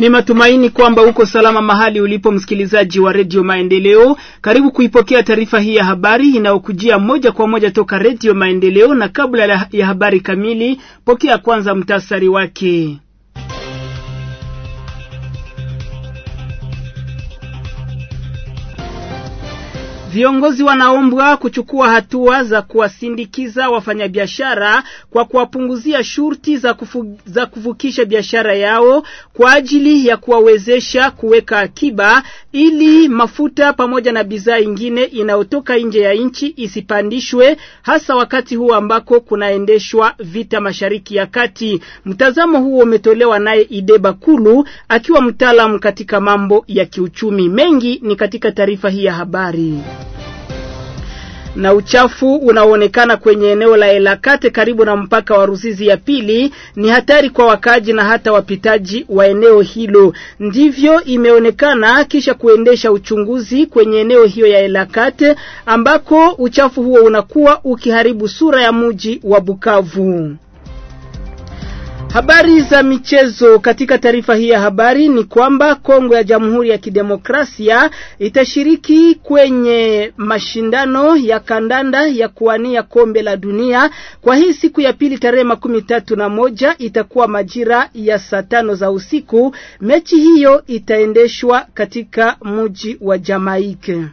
Ni matumaini kwamba uko salama mahali ulipo, msikilizaji wa redio Maendeleo. Karibu kuipokea taarifa hii ya habari inayokujia moja kwa moja toka redio Maendeleo, na kabla ya habari kamili, pokea kwanza mtasari wake. Viongozi wanaombwa kuchukua hatua za kuwasindikiza wafanyabiashara kwa kuwapunguzia shurti za, kufu, za kuvukisha biashara yao kwa ajili ya kuwawezesha kuweka akiba ili mafuta pamoja na bidhaa ingine inayotoka nje ya nchi isipandishwe, hasa wakati huu ambako kunaendeshwa vita mashariki ya kati. Mtazamo huo umetolewa naye Ide Bakulu akiwa mtaalamu katika mambo ya kiuchumi. Mengi ni katika taarifa hii ya habari na uchafu unaoonekana kwenye eneo la Elakate karibu na mpaka wa Ruzizi ya pili ni hatari kwa wakaaji na hata wapitaji wa eneo hilo. Ndivyo imeonekana kisha kuendesha uchunguzi kwenye eneo hiyo ya Elakate ambako uchafu huo unakuwa ukiharibu sura ya mji wa Bukavu. Habari za michezo katika taarifa hii ya habari ni kwamba Kongo ya Jamhuri ya Kidemokrasia itashiriki kwenye mashindano ya kandanda ya kuwania kombe la dunia. Kwa hii siku ya pili tarehe makumi tatu na moja itakuwa majira ya saa tano za usiku. Mechi hiyo itaendeshwa katika mji wa Jamaika.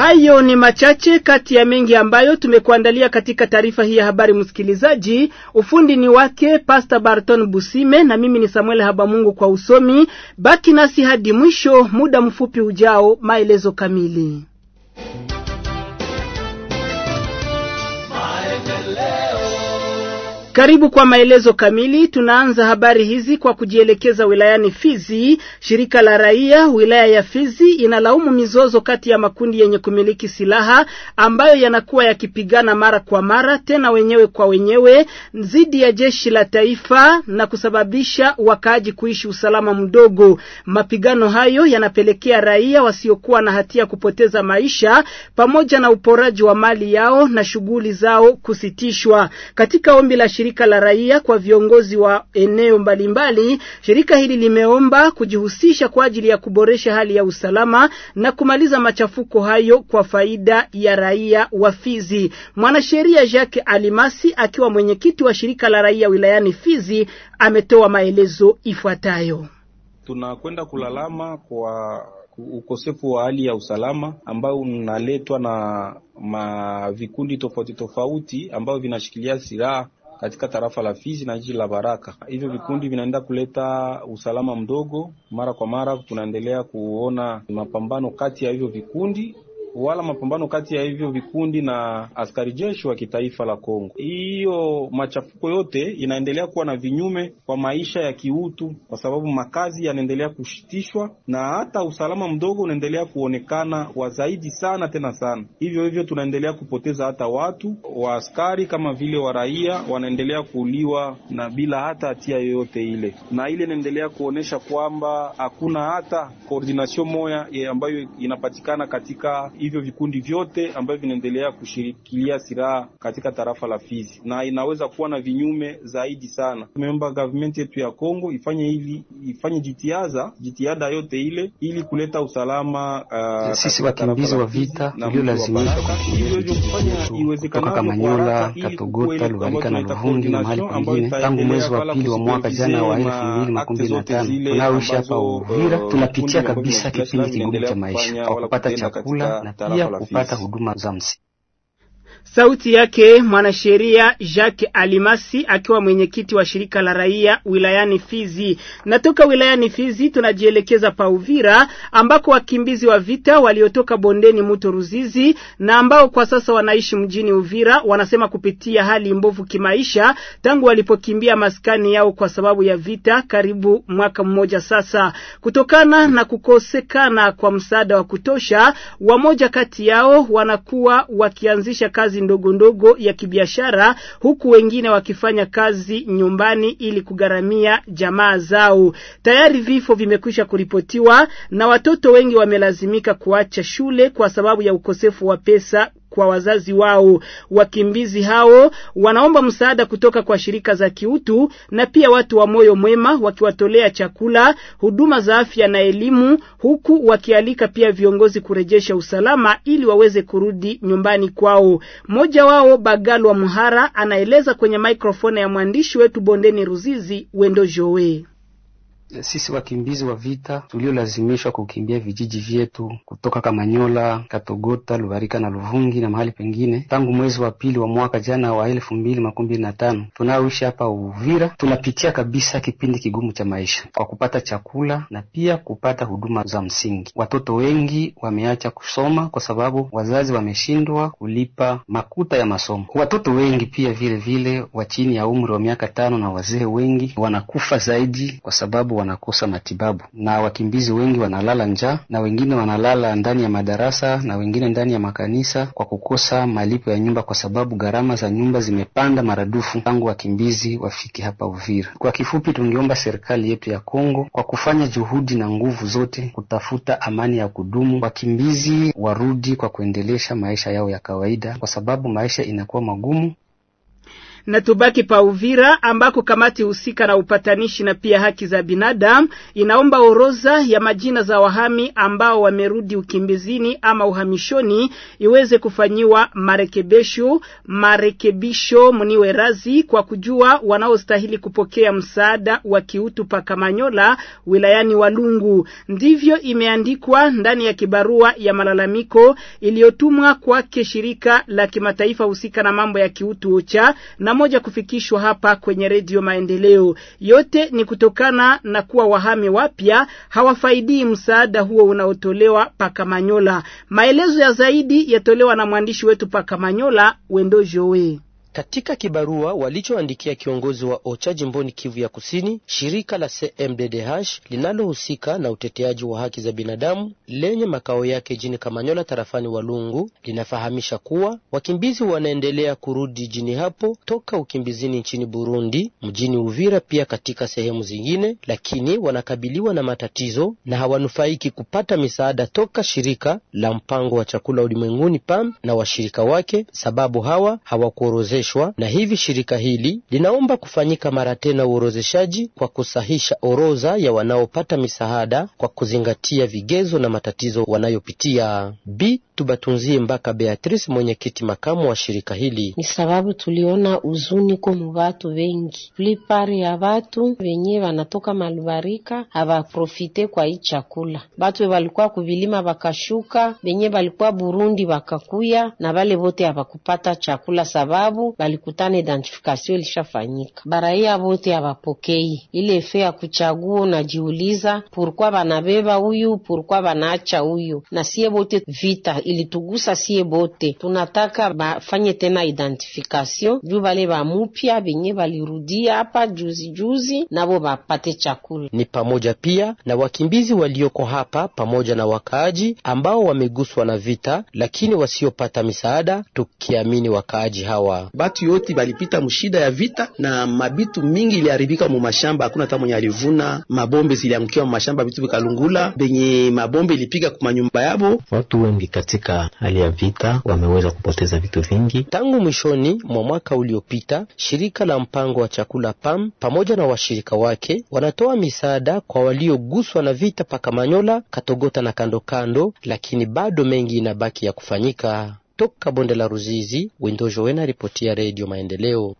Hayo ni machache kati ya mengi ambayo tumekuandalia katika taarifa hii ya habari. Msikilizaji, ufundi ni wake Pasta Barton Busime na mimi ni Samuel Habamungu kwa usomi. Baki nasi hadi mwisho, muda mfupi ujao, maelezo kamili. Karibu kwa maelezo kamili. Tunaanza habari hizi kwa kujielekeza wilayani Fizi. Shirika la raia wilaya ya Fizi inalaumu mizozo kati ya makundi yenye kumiliki silaha ambayo yanakuwa yakipigana mara kwa mara, tena wenyewe kwa wenyewe, dhidi ya jeshi la taifa na kusababisha wakaaji kuishi usalama mdogo. Mapigano hayo yanapelekea raia wasiokuwa na hatia kupoteza maisha pamoja na uporaji wa mali yao na shughuli zao kusitishwa. Katika ombi la shirika la raia kwa viongozi wa eneo mbalimbali, shirika hili limeomba kujihusisha kwa ajili ya kuboresha hali ya usalama na kumaliza machafuko hayo kwa faida ya raia wa Fizi. Mwanasheria Jacques Alimasi akiwa mwenyekiti wa shirika la raia wilayani Fizi ametoa maelezo ifuatayo. Tunakwenda kulalama kwa ukosefu wa hali ya usalama ambao unaletwa na mavikundi tofauti tofauti ambao vinashikilia silaha katika tarafa la Fizi na jiji la Baraka. Hivyo ah. vikundi vinaenda kuleta usalama mdogo. Mara kwa mara tunaendelea kuona mapambano kati ya hivyo vikundi wala mapambano kati ya hivyo vikundi na askari jeshi wa kitaifa la Kongo. Hiyo machafuko yote inaendelea kuwa na vinyume kwa maisha ya kiutu, kwa sababu makazi yanaendelea kushitishwa na hata usalama mdogo unaendelea kuonekana wa zaidi sana tena sana. Hivyo hivyo tunaendelea kupoteza hata watu wa askari kama vile wa raia wanaendelea kuuliwa na bila hata hatia yoyote ile, na ile inaendelea kuonyesha kwamba hakuna hata koordinasio moya eh, ambayo inapatikana katika hivyo vikundi vyote ambavyo vinaendelea kushirikilia silaha katika tarafa la Fizi, na inaweza kuwa na vinyume zaidi sana. Tumeomba government yetu ya Kongo ifanye hivi, ifanye jitihada jitihada yote ile ili kuleta usalama uh, sisi wakimbizi wa vita tuliolazimishwa kutoka Kamanyola, Katogota, Lugarika na Luvungi na mahali pengine tangu mwezi wa pili wa mwaka jana wa elfu mbili makumi mbili na tano. Tunaoishi hapa Uvira uh, tunapitia kabisa kipindi kigumu cha maisha kwa kupata chakula pia kupata huduma za msingi. Sauti yake mwanasheria Jacques Alimasi akiwa mwenyekiti wa shirika la raia wilayani Fizi. Na toka wilayani Fizi tunajielekeza pa Uvira ambako wakimbizi wa vita waliotoka bondeni mto Ruzizi na ambao kwa sasa wanaishi mjini Uvira wanasema kupitia hali mbovu kimaisha tangu walipokimbia maskani yao kwa sababu ya vita karibu mwaka mmoja sasa. Kutokana na kukosekana kwa msaada wa kutosha, wamoja kati yao wanakuwa wakianzisha kazi kazi ndogo ndogo ya kibiashara, huku wengine wakifanya kazi nyumbani ili kugaramia jamaa zao. Tayari vifo vimekwisha kuripotiwa na watoto wengi wamelazimika kuacha shule kwa sababu ya ukosefu wa pesa kwa wazazi wao. Wakimbizi hao wanaomba msaada kutoka kwa shirika za kiutu na pia watu wa moyo mwema, wakiwatolea chakula, huduma za afya na elimu, huku wakialika pia viongozi kurejesha usalama ili waweze kurudi nyumbani kwao. Mmoja wao Bagalwa Muhara anaeleza kwenye mikrofoni ya mwandishi wetu Bondeni Ruzizi Wendo Jowe. Sisi wakimbizi wa vita tuliolazimishwa kukimbia vijiji vyetu kutoka Kamanyola, Katogota, Lubarika na Luvungi na mahali pengine tangu mwezi wa pili wa mwaka jana wa elfu mbili makumi mbili na tano tunaoishi hapa Uvira, tunapitia kabisa kipindi kigumu cha maisha kwa kupata chakula na pia kupata huduma za msingi. Watoto wengi wameacha kusoma kwa sababu wazazi wameshindwa kulipa makuta ya masomo. Watoto wengi pia vile vile wa chini ya umri wa miaka tano na wazee wengi wanakufa zaidi kwa sababu wanakosa matibabu, na wakimbizi wengi wanalala njaa, na wengine wanalala ndani ya madarasa, na wengine ndani ya makanisa kwa kukosa malipo ya nyumba, kwa sababu gharama za nyumba zimepanda maradufu tangu wakimbizi wafike hapa Uvira. Kwa kifupi, tungeomba serikali yetu ya Kongo kwa kufanya juhudi na nguvu zote kutafuta amani ya kudumu, wakimbizi warudi kwa kuendelesha maisha yao ya kawaida, kwa sababu maisha inakuwa magumu. Na tubaki pa Uvira ambako kamati husika na upatanishi na pia haki za binadamu inaomba orodha ya majina za wahami ambao wamerudi ukimbizini ama uhamishoni iweze kufanyiwa marekebisho marekebisho mniwe razi kwa kujua wanaostahili kupokea msaada wa kiutu pa Kamanyola wilayani Walungu. Ndivyo imeandikwa ndani ya kibarua ya malalamiko iliyotumwa kwake shirika la kimataifa husika na mambo ya kiutu OCHA na na moja kufikishwa hapa kwenye Redio Maendeleo. Yote ni kutokana na kuwa wahami wapya hawafaidii msaada huo unaotolewa Pakamanyola. Maelezo ya zaidi yatolewa na mwandishi wetu Pakamanyola Wendo Joe. Katika kibarua walichoandikia kiongozi wa OCHA jimboni Kivu ya Kusini, shirika la CMDDH linalohusika na uteteaji wa haki za binadamu lenye makao yake jini Kamanyola tarafani Walungu linafahamisha kuwa wakimbizi wanaendelea kurudi jini hapo toka ukimbizini nchini Burundi, mjini Uvira pia katika sehemu zingine, lakini wanakabiliwa na matatizo na hawanufaiki kupata misaada toka shirika la mpango wa chakula ulimwenguni PAM na washirika wake, sababu hawa hawakuorozea kuorozeshwa, na hivi shirika hili linaomba kufanyika mara tena uorozeshaji kwa kusahisha orodha ya wanaopata misaada kwa kuzingatia vigezo na matatizo wanayopitia. Bi tubatunzie mpaka Beatrice, mwenyekiti makamu wa shirika hili: ni sababu tuliona uzuni ko mu vatu vengi, ya vatu wenye vanatoka malubarika havaprofite kwa hii chakula, batu valikuwa kuvilima vakashuka, wenye walikuwa Burundi vakakuya na vale vote havakupata chakula sababu balikutana, identification ilishafanyika. Baraia bote habapokei ile fe ya kuchagua. Unajiuliza purkwa banabeba huyu, purkwa banaacha huyu. Na sie bote vita ilitugusa sie bote, tunataka bafanye tena identification juu bale bamupya benye balirudia hapa juzi juzi, nabo bapate chakula. Ni pamoja pia na wakimbizi walioko hapa pamoja na wakaaji ambao wameguswa na vita, lakini wasiopata misaada, tukiamini wakaaji hawa batu yoti balipita mushida ya vita na mabitu mingi iliharibika mu mashamba, hakuna hata mwenye alivuna. Mabombe ziliamkiwa mu mashamba, vitu vikalungula, benye mabombe ilipiga kwa manyumba yabo. Watu wengi katika hali ya vita wameweza kupoteza vitu vingi. Tangu mwishoni mwa mwaka uliopita, shirika la mpango wa chakula PAM pamoja na washirika wake wanatoa misaada kwa walioguswa na vita paka Manyola, Katogota na kandokando kando, lakini bado mengi inabaki ya kufanyika toka bonde la Ruzizi. Windojo wena ripotia Redio Maendeleo.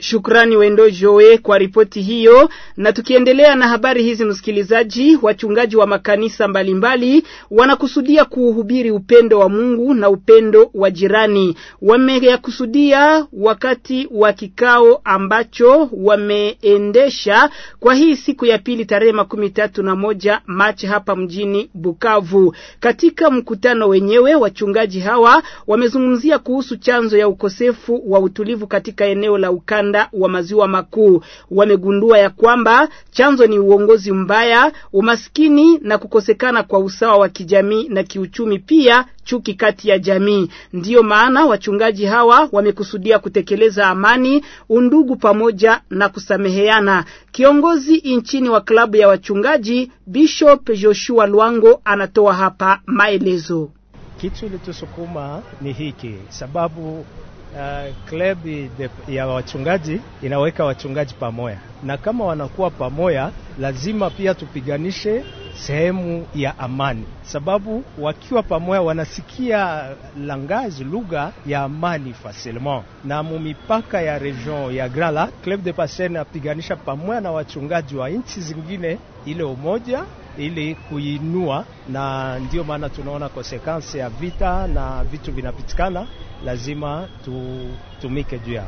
Shukrani Wendo Joe kwa ripoti hiyo. Na tukiendelea na habari hizi, msikilizaji, wachungaji wa makanisa mbalimbali wanakusudia kuuhubiri upendo wa Mungu na upendo wa jirani. Wameyakusudia wakati wa kikao ambacho wameendesha kwa hii siku ya pili tarehe makumi tatu na moja Machi hapa mjini Bukavu. Katika mkutano wenyewe, wachungaji hawa wamezungumzia kuhusu chanzo ya ukosefu wa utulivu katika eneo la ukanda ukanda wa maziwa makuu. Wamegundua ya kwamba chanzo ni uongozi mbaya, umaskini na kukosekana kwa usawa wa kijamii na kiuchumi, pia chuki kati ya jamii. Ndiyo maana wachungaji hawa wamekusudia kutekeleza amani, undugu pamoja na kusameheana. Kiongozi nchini wa klabu ya wachungaji Bishop Joshua Lwango anatoa hapa maelezo. Kitu ilitusukuma ni hiki sababu Klebu uh, de, ya wachungaji inaweka wachungaji pamoja, na kama wanakuwa pamoja, lazima pia tupiganishe sehemu ya amani, sababu wakiwa pamoja wanasikia langazi lugha ya amani facilement. Na mumipaka ya region ya Grala, Club de Pasen inapiganisha pamoja na wachungaji wa nchi zingine ile umoja ili kuinua, na ndio maana tunaona konsekansi ya vita na vitu vinapitikana, lazima tutumike juu ya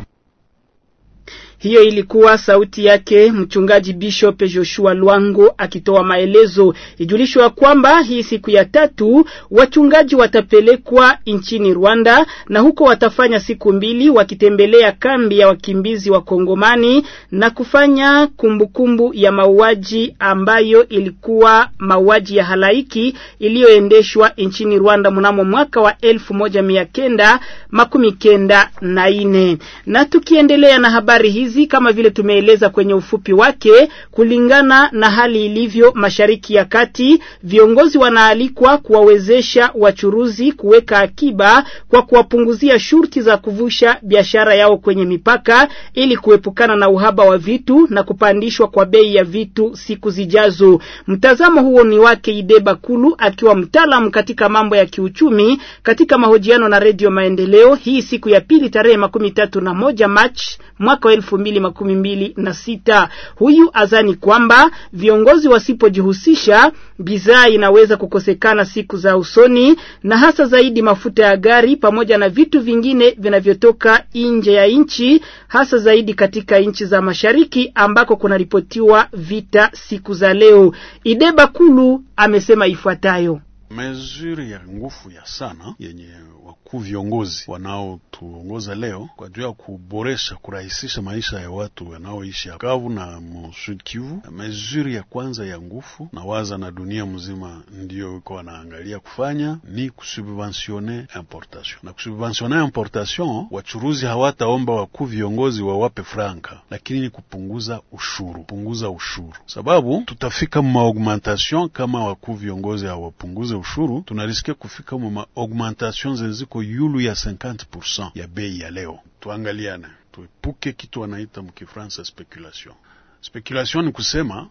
hiyo ilikuwa sauti yake mchungaji Bishop Joshua Lwango akitoa maelezo. Ijulishwa kwamba hii siku ya tatu wachungaji watapelekwa nchini Rwanda na huko watafanya siku mbili wakitembelea kambi ya wakimbizi wa Kongomani na kufanya kumbukumbu kumbu ya mauaji ambayo ilikuwa mauaji ya halaiki iliyoendeshwa nchini Rwanda mnamo mwaka wa elfu moja mia kenda makumi kenda na ine. Na tukiendelea na habari hizi kazi kama vile tumeeleza kwenye ufupi wake. Kulingana na hali ilivyo Mashariki ya Kati, viongozi wanaalikwa kuwawezesha wachuruzi kuweka akiba kwa kuwapunguzia shurti za kuvusha biashara yao kwenye mipaka ili kuepukana na uhaba wa vitu na kupandishwa kwa bei ya vitu siku zijazo. Mtazamo huo ni wake Ideba Kulu akiwa mtaalamu katika mambo ya kiuchumi katika mahojiano na Radio Maendeleo hii siku ya pili tarehe makumi tatu na moja Machi mwaka elfu mbili makumi mbili na sita. Huyu azani kwamba viongozi wasipojihusisha bidhaa inaweza kukosekana siku za usoni, na hasa zaidi mafuta ya gari pamoja na vitu vingine vinavyotoka nje ya nchi, hasa zaidi katika nchi za mashariki ambako kunaripotiwa vita siku za leo. Ideba Kulu amesema ifuatayo mezuri ya nguvu ya sana yenye wakuu viongozi wanaotuongoza leo kwa juu ya kuboresha kurahisisha maisha ya watu wanaoishi Kavu na Sud Kivu. Mezuri ya kwanza ya nguvu na waza na dunia mzima ndiyo iko wanaangalia kufanya ni kusubvensione importation na kusubvensione importation, wachuruzi hawataomba wakuu viongozi wawape franka, lakini ni kupunguza ushuru, punguza ushuru sababu tutafika maugmentation kama wakuu viongozi hawapunguze ushuru tunarisikia kufika mu augmentation zenye ziko yulu ya 50% ya bei ya leo. Tuangaliane, tuepuke kitu wanaita mkifransa speculation. Speculation ni kusema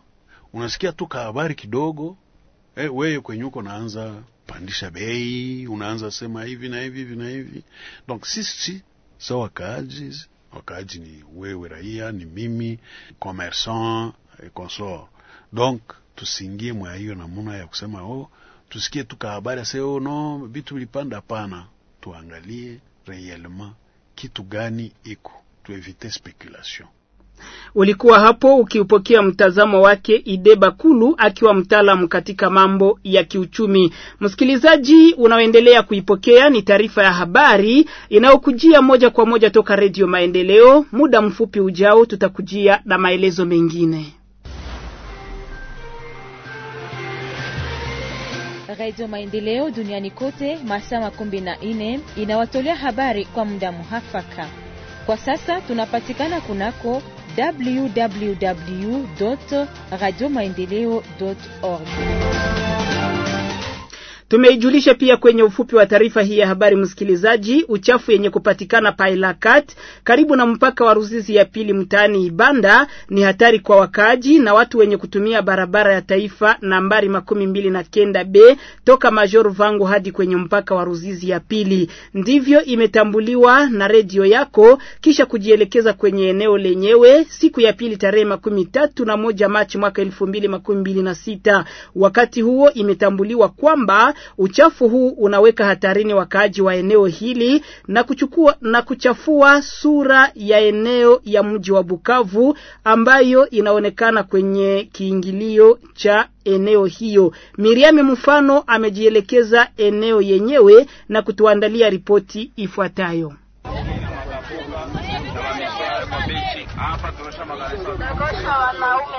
unasikia tu kahabari kidogo eh, wewe kwenye uko naanza pandisha bei, unaanza sema hivi na hivi hivi na hivi. Donc sisi sa wakaaji, wakaaji ni wewe raia, ni mimi commerçant et consort. Donc tusiingie mwa hiyo namuna ya kusema oh tusikie tuka habari oh, no vitu vilipanda. Hapana, tuangalie reellement kitu gani iko, tuevite speculation. Ulikuwa hapo ukiupokea mtazamo wake Ide Bakulu akiwa mtaalamu katika mambo ya kiuchumi. Msikilizaji, unaoendelea kuipokea ni taarifa ya habari inayokujia moja kwa moja toka Redio Maendeleo. Muda mfupi ujao tutakujia na maelezo mengine. Radio Maendeleo duniani kote masaa 14 inawatolea habari kwa muda muhafaka. Kwa sasa tunapatikana kunako www radio maendeleo org. Tumeijulisha pia kwenye ufupi wa taarifa hii ya habari msikilizaji, uchafu yenye kupatikana Pailakat karibu na mpaka wa Ruzizi ya pili mtaani Ibanda ni hatari kwa wakaaji na watu wenye kutumia barabara ya taifa nambari makumi mbili na kenda B toka Major Vangu hadi kwenye mpaka wa Ruzizi ya pili. Ndivyo imetambuliwa na redio yako kisha kujielekeza kwenye eneo lenyewe siku ya pili tarehe makumi tatu na moja Machi mwaka elfu mbili makumi mbili na sita. Wakati huo imetambuliwa kwamba Uchafu huu unaweka hatarini wakaaji wa eneo hili na kuchukua na kuchafua sura ya eneo ya mji wa Bukavu ambayo inaonekana kwenye kiingilio cha eneo hiyo. Miriam Mfano amejielekeza eneo yenyewe na kutuandalia ripoti ifuatayo.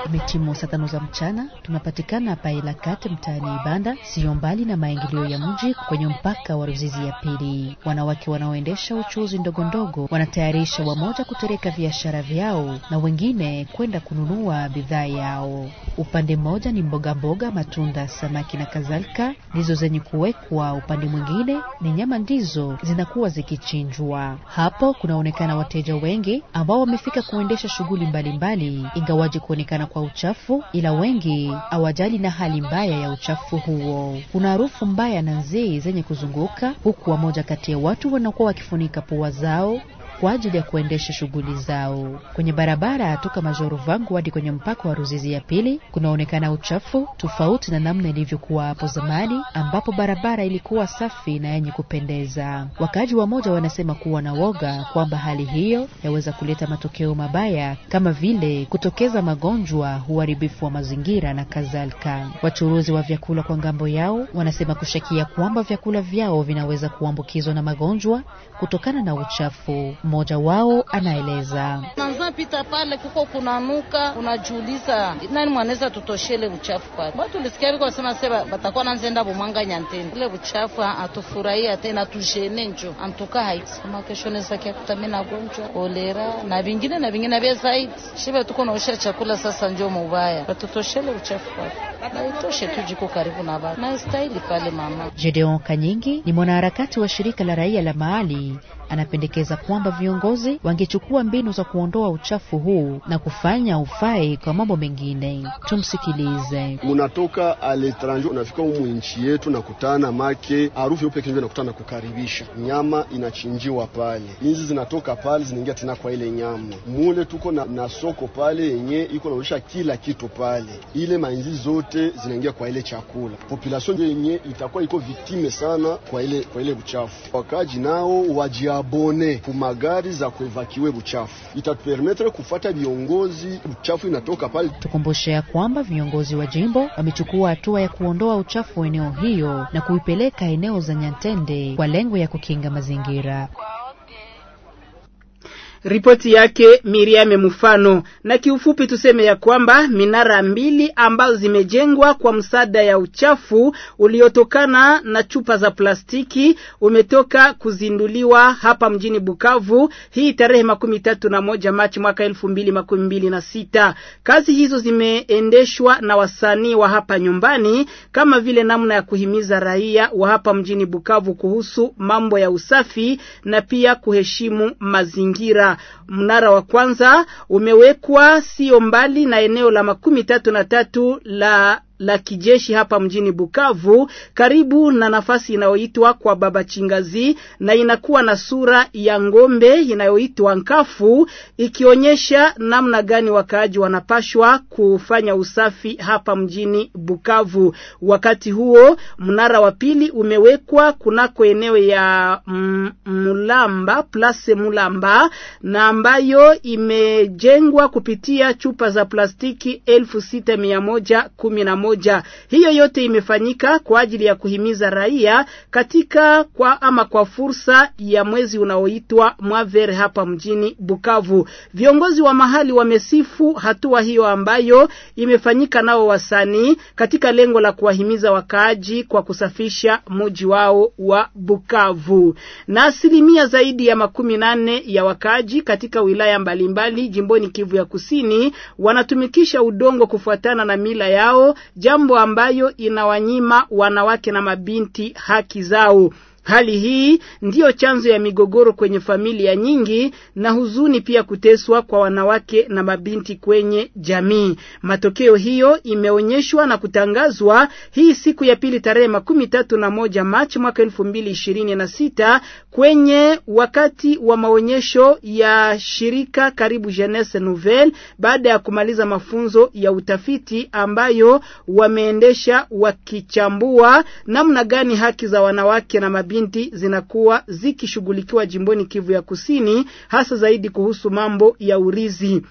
Mechimo saa tano za mchana tunapatikana paela kati mtaani Ibanda, siyo mbali na maingilio ya mji kwenye mpaka wa Ruzizi ya pili. Wanawake wanaoendesha uchuzi ndogondogo wanatayarisha wamoja kutereka viashara vyao na wengine kwenda kununua bidhaa yao. Upande mmoja ni mboga mboga, matunda, samaki na kadhalika ndizo zenye kuwekwa, upande mwingine ni nyama ndizo zinakuwa zikichinjwa. Hapo kunaonekana wateja wengi ambao wamefika kuendesha shughuli mbalimbali, ingawaje kuonekana kwa uchafu, ila wengi hawajali na hali mbaya ya uchafu huo. Kuna harufu mbaya na nzii zenye kuzunguka, huku wamoja kati ya watu wanakuwa wakifunika pua zao kwa ajili ya kuendesha shughuli zao. Kwenye barabara toka Majorovangu hadi kwenye mpaka wa Ruzizi ya pili kunaonekana uchafu tofauti na namna ilivyokuwa hapo zamani, ambapo barabara ilikuwa safi na yenye kupendeza. Wakaaji wamoja wanasema kuwa na woga kwamba hali hiyo yaweza kuleta matokeo mabaya kama vile kutokeza magonjwa, uharibifu wa mazingira na kadhalika. Wachuruzi wa vyakula kwa ngambo yao wanasema kushakia kwamba vyakula vyao vinaweza kuambukizwa na magonjwa kutokana na uchafu. Mmoja wao anaeleza nanza pita pale kuko kunanuka, unajuliza nani mwanaweza tutoshele uchafu pale. Watu lisikia viko sema seba batakuwa nanzenda bumwanga nyanteni ile uchafu atufurahia tena tujene njo antuka haiti kama kesho naweza kia kutamina gonjwa kolera na vingine na vingine vya zaidi Shiba tuko naosha chakula sasa njo mubaya batutoshele uchafu pale haitoshe tu, jiko karibu na baba na istahili pale mama. Gedeon Kanyingi ni mwanaharakati wa shirika la raia la mahali anapendekeza kwamba viongozi wangechukua mbinu za kuondoa uchafu huu na kufanya ufai kwa mambo mengine. Tumsikilize. Munatoka aletranje unafika umu nchi yetu na kutana make harufu yupe kinjwa na kutana kukaribisha nyama inachinjiwa pale, inzi zinatoka pale zinaingia tena kwa ile nyama mule. Tuko na, na soko pale yenye iko naonyesha kila kitu pale, ile mainzi zote zote zinaingia kwa ile chakula. Population yenye itakuwa iko vitime sana kwa ile kwa ile buchafu, wakaji nao wajiabone kumagari za kuevakiwe buchafu, itatupermetre kufata viongozi buchafu inatoka pale. Tukumbushe ya kwamba viongozi wa jimbo wamechukua hatua ya kuondoa uchafu wa eneo hiyo na kuipeleka eneo za Nyantende kwa lengo ya kukinga mazingira. Ripoti yake Miriam Mufano. Na kiufupi tuseme ya kwamba minara mbili ambazo zimejengwa kwa msaada ya uchafu uliotokana na chupa za plastiki umetoka kuzinduliwa hapa mjini Bukavu hii tarehe makumi tatu na moja Machi mwaka elfu mbili makumi mbili na sita. Kazi hizo zimeendeshwa na wasanii wa hapa nyumbani kama vile namna ya kuhimiza raia wa hapa mjini Bukavu kuhusu mambo ya usafi na pia kuheshimu mazingira. Mnara wa kwanza umewekwa sio mbali na eneo la makumi tatu na tatu la la kijeshi hapa mjini Bukavu karibu na nafasi inayoitwa kwa Baba Chingazi na inakuwa na sura ya ngombe inayoitwa nkafu, ikionyesha namna gani wakaaji wanapashwa kufanya usafi hapa mjini Bukavu. Wakati huo mnara wa pili umewekwa kunako eneo ya Mulamba Place Mulamba na ambayo imejengwa kupitia chupa za plastiki elfu sita mia moja kumi na moja. Hiyo yote imefanyika kwa ajili ya kuhimiza raia katika kwa ama kwa fursa ya mwezi unaoitwa Mwaver hapa mjini Bukavu. Viongozi wa mahali wamesifu hatua hiyo ambayo imefanyika nao wasanii katika lengo la kuwahimiza wakaaji kwa kusafisha mji wao wa Bukavu. Na asilimia zaidi ya makumi nane ya wakaaji katika wilaya mbalimbali mbali, jimboni Kivu ya Kusini wanatumikisha udongo kufuatana na mila yao jambo ambayo inawanyima wanawake na mabinti haki zao. Hali hii ndiyo chanzo ya migogoro kwenye familia nyingi na huzuni, pia kuteswa kwa wanawake na mabinti kwenye jamii. Matokeo hiyo imeonyeshwa na kutangazwa hii siku ya pili tarehe makumi tatu na moja Machi mwaka elfu mbili ishirini na sita kwenye wakati wa maonyesho ya shirika Karibu Jeunesse Nouvelle baada ya kumaliza mafunzo ya utafiti ambayo wameendesha wakichambua namna gani haki za wanawake na mabinti binti zinakuwa zikishughulikiwa jimboni Kivu ya Kusini, hasa zaidi kuhusu mambo ya urizi.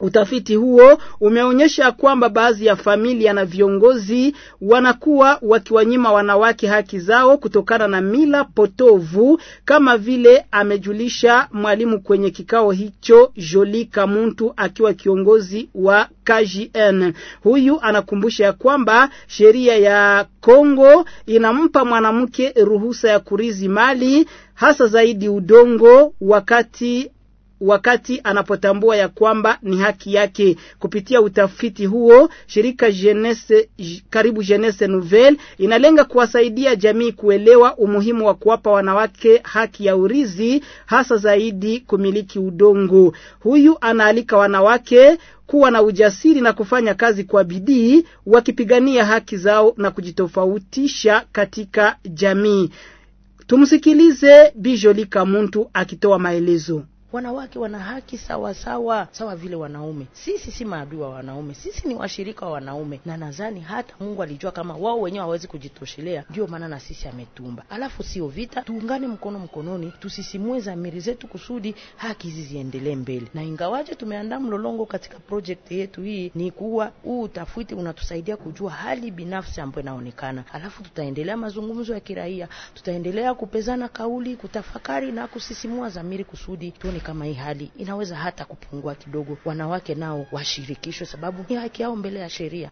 Utafiti huo umeonyesha kwamba baadhi ya familia na viongozi wanakuwa wakiwanyima wanawake haki zao kutokana na mila potovu, kama vile amejulisha mwalimu kwenye kikao hicho jolika Kamuntu akiwa kiongozi wa KJN. Huyu anakumbusha ya kwamba sheria ya Kongo inampa mwanamke ruhusa ya kurizi mali hasa zaidi udongo wakati wakati anapotambua ya kwamba ni haki yake. Kupitia utafiti huo, shirika Jeunesse, karibu Jeunesse Nouvelle inalenga kuwasaidia jamii kuelewa umuhimu wa kuwapa wanawake haki ya urithi, hasa zaidi kumiliki udongo. Huyu anaalika wanawake kuwa na ujasiri na kufanya kazi kwa bidii, wakipigania haki zao na kujitofautisha katika jamii. Tumsikilize Bijolika Muntu akitoa maelezo. Wanawake wana haki sawa sawa sawa vile wanaume. Sisi si maadui wa wanaume, sisi ni washirika wa wanaume, na nadhani hata Mungu alijua kama wao wenyewe hawawezi kujitoshelea, ndio maana na sisi ametumba. Alafu sio vita, tuungane mkono mkononi, tusisimue zamiri zetu kusudi haki hizi ziendelee mbele. Na ingawaje tumeandaa mlolongo katika project yetu hii, ni kuwa huu utafiti unatusaidia kujua hali binafsi ambayo inaonekana, alafu tutaendelea mazungumzo ya kiraia, tutaendelea kupezana kauli, kutafakari na kusisimua zamiri kusudi tuone kama hii hali inaweza hata kupungua kidogo, wanawake nao washirikishwe, sababu ni haki yao mbele ya sheria.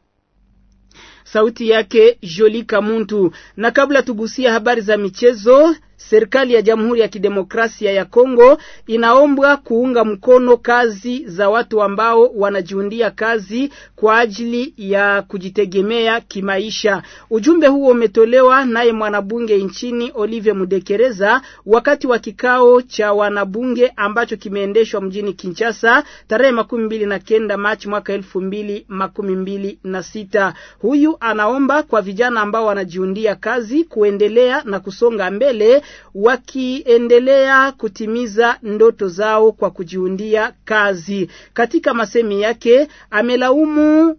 Sauti yake Joli Kamuntu. Na kabla tugusia habari za michezo, serikali ya Jamhuri ya Kidemokrasia ya Kongo inaombwa kuunga mkono kazi za watu ambao wanajiundia kazi kwa ajili ya kujitegemea kimaisha. Ujumbe huo umetolewa naye mwanabunge nchini Olivier Mudekereza wakati wa kikao cha wanabunge ambacho kimeendeshwa mjini Kinshasa tarehe makumi mbili na kenda Machi mwaka elfu mbili makumi mbili na sita. Huyu anaomba kwa vijana ambao wanajiundia kazi kuendelea na kusonga mbele wakiendelea kutimiza ndoto zao kwa kujiundia kazi. Katika masemi yake amelaumu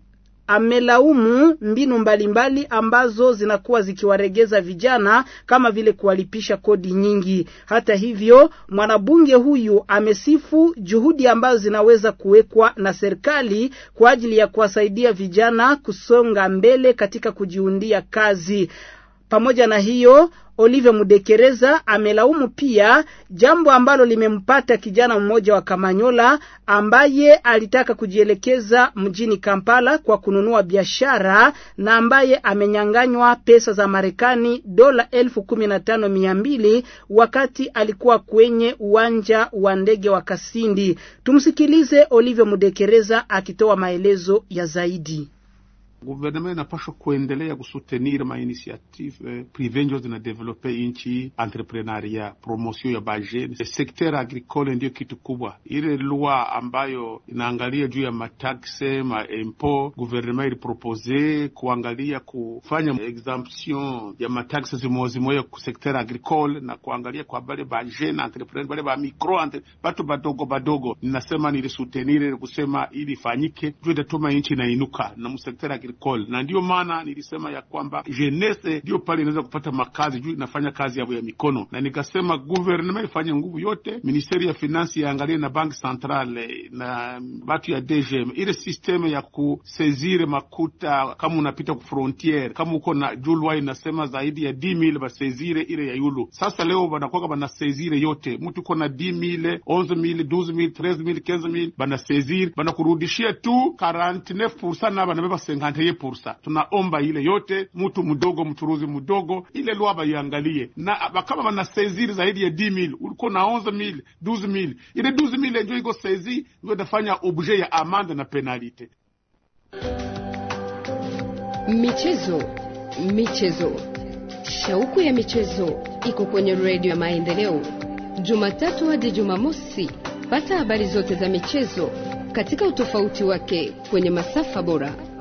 amelaumu mbinu mbalimbali mbali ambazo zinakuwa zikiwaregeza vijana kama vile kuwalipisha kodi nyingi. Hata hivyo, mwanabunge huyu amesifu juhudi ambazo zinaweza kuwekwa na serikali kwa ajili ya kuwasaidia vijana kusonga mbele katika kujiundia kazi. Pamoja na hiyo, Olive Mudekereza amelaumu pia jambo ambalo limempata kijana mmoja wa Kamanyola ambaye alitaka kujielekeza mjini Kampala kwa kununua biashara na ambaye amenyang'anywa pesa za Marekani dola elfu kumi na tano mia mbili wakati alikuwa kwenye uwanja wa ndege wa Kasindi. Tumsikilize Olive Mudekereza akitoa maelezo ya zaidi guvernema inapashwa kuendelea kusutenir mainisiative eh, zinadevelope inchi, entreprenaria, promosio ya bajene, sekter agricole ndiyo kitu kubwa. Ile lwa ambayo inaangalia juu ya matakse maimpo, guvernema ilipropose kuangalia kufanya exemption ya matakse zimozimoya ku sekter agricole na kuangalia kwa bale bajene entreprene bale ba micro entre batu badogo badogo, ninasema nilisutenire kusema ili fanyike juu itatuma inchi inainuka na msekter agricole agricole, na ndiyo maana nilisema ya kwamba jenese ndiyo pale inaweza kupata makazi juu inafanya kazi yavo ya mikono, na nikasema guvernema ifanye nguvu yote, ministeri ya finance yaangalie na banki centrale na batu ya DGM ile sisteme ya kusezire makuta kama unapita ku frontiere kama uko na julwa inasema zaidi ya di mile basezire ile ya yulu. Sasa leo banakwaka banasezire yote, mtu uko na di mile onze mile douze mile treize mile quinze mile banasezire banakurudishia tu 49 na banabeba 50 tuangalie pursa. Tunaomba ile yote, mtu mdogo, mchuruzi mdogo, ile lwa baiangalie, na kama wana sezi zaidi ya d mil, na 11 mil 12 mil, ile 12 mil ndio iko sezi, ndio itafanya objet ya amande na penalite. Michezo, michezo, shauku ya michezo iko kwenye redio ya Maendeleo, Jumatatu hadi Jumamosi. Pata habari zote za michezo katika utofauti wake kwenye masafa bora.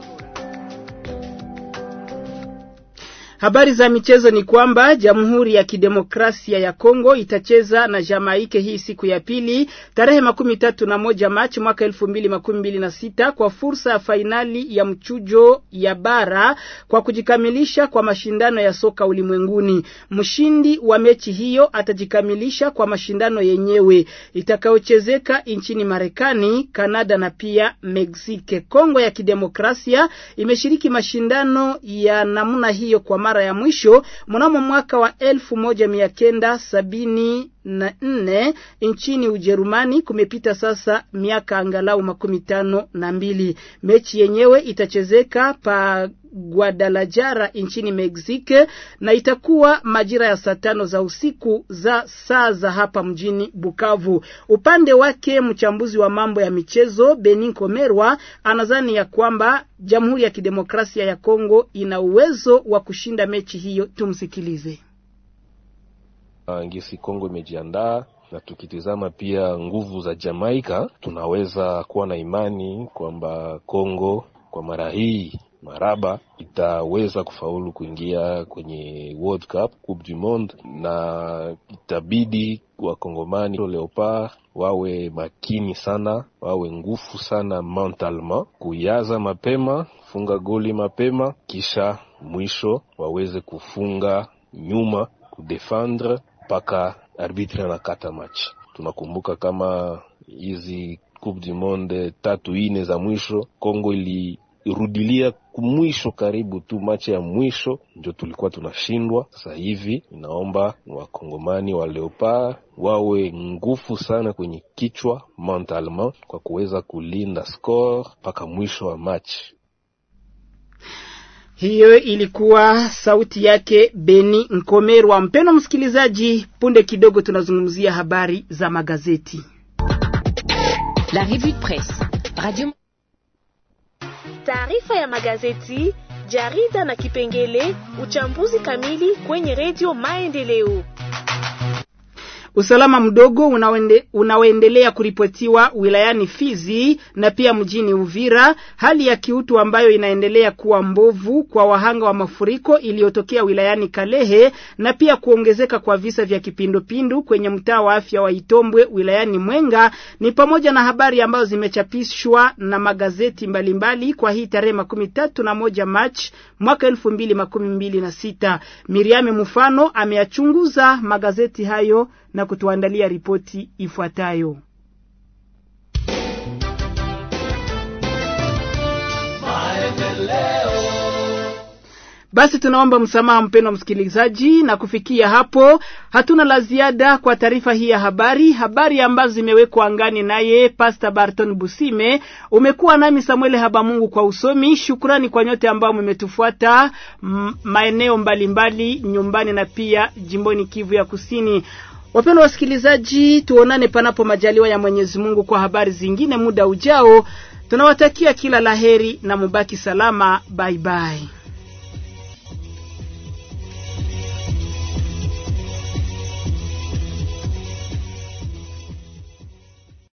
Habari za michezo ni kwamba Jamhuri ya Kidemokrasia ya Kongo itacheza na Jamaike hii siku ya pili tarehe makumi tatu na moja Machi mwaka elfu mbili makumi mbili na sita kwa fursa ya fainali ya mchujo ya bara kwa kujikamilisha kwa mashindano ya soka ulimwenguni. Mshindi wa mechi hiyo atajikamilisha kwa mashindano yenyewe itakayochezeka nchini Marekani, Kanada na pia Mexico. Kongo ya Kidemokrasia imeshiriki mashindano ya namna hiyo kwa mara mara ya mwisho mnamo mwaka wa 1974 nchini Ujerumani. Kumepita sasa miaka angalau makumi tano na mbili. Mechi yenyewe itachezeka pa Guadalajara nchini Mexico na itakuwa majira ya saa tano za usiku za saa za hapa mjini Bukavu. Upande wake mchambuzi wa mambo ya michezo Benin Komerwa anadhani ya kwamba Jamhuri ya Kidemokrasia ya Kongo ina uwezo wa kushinda mechi hiyo. Tumsikilize. Angisi ah, Kongo imejiandaa na tukitizama pia nguvu za Jamaika, tunaweza kuwa na imani kwamba Kongo kwa mara hii Maraba itaweza kufaulu kuingia kwenye World Cup, Coupe du Monde, na itabidi Wakongomani Leopard wawe makini sana, wawe ngufu sana mentalement, kuyaza mapema, funga goli mapema, kisha mwisho waweze kufunga nyuma, kudefendre mpaka arbitre anakata machi. Tunakumbuka kama hizi Coupe du Monde tatu ine za mwisho Kongo ili rudilia mwisho karibu tu macha ya mwisho ndio tulikuwa tunashindwa. Sasa hivi inaomba wakongomani wa Leopard wawe nguvu sana kwenye kichwa mentalement, kwa kuweza kulinda score mpaka mwisho wa match. Hiyo ilikuwa sauti yake Beni Nkomerwa. Mpeno msikilizaji, punde kidogo tunazungumzia habari za magazeti La Revue de Presse Radio taarifa ya magazeti, jarida na kipengele uchambuzi kamili kwenye redio Maendeleo. Usalama mdogo unawende, unaoendelea kuripotiwa wilayani Fizi na pia mjini Uvira, hali ya kiutu ambayo inaendelea kuwa mbovu kwa wahanga wa mafuriko iliyotokea wilayani Kalehe na pia kuongezeka kwa visa vya kipindupindu kwenye mtaa wa afya wa Itombwe wilayani Mwenga ni pamoja na habari ambazo zimechapishwa na magazeti mbalimbali mbali kwa hii tarehe makumi tatu na moja Machi mwaka elfu mbili makumi mbili na sita. Miriam Mfano ameyachunguza magazeti hayo na kutuandalia ripoti ifuatayo. Basi tunaomba msamaha mpendwa msikilizaji, na kufikia hapo hatuna la ziada kwa taarifa hii ya habari, habari ambazo zimewekwa angani naye Pastor Barton Busime. Umekuwa nami Samuel Habamungu kwa usomi. Shukrani kwa nyote ambao mmetufuata maeneo mbalimbali mbali, nyumbani na pia jimboni Kivu ya Kusini. Wapendwa wasikilizaji, tuonane panapo majaliwa ya Mwenyezi Mungu kwa habari zingine muda ujao. Tunawatakia kila laheri na mubaki salama. Baibai, bye bye.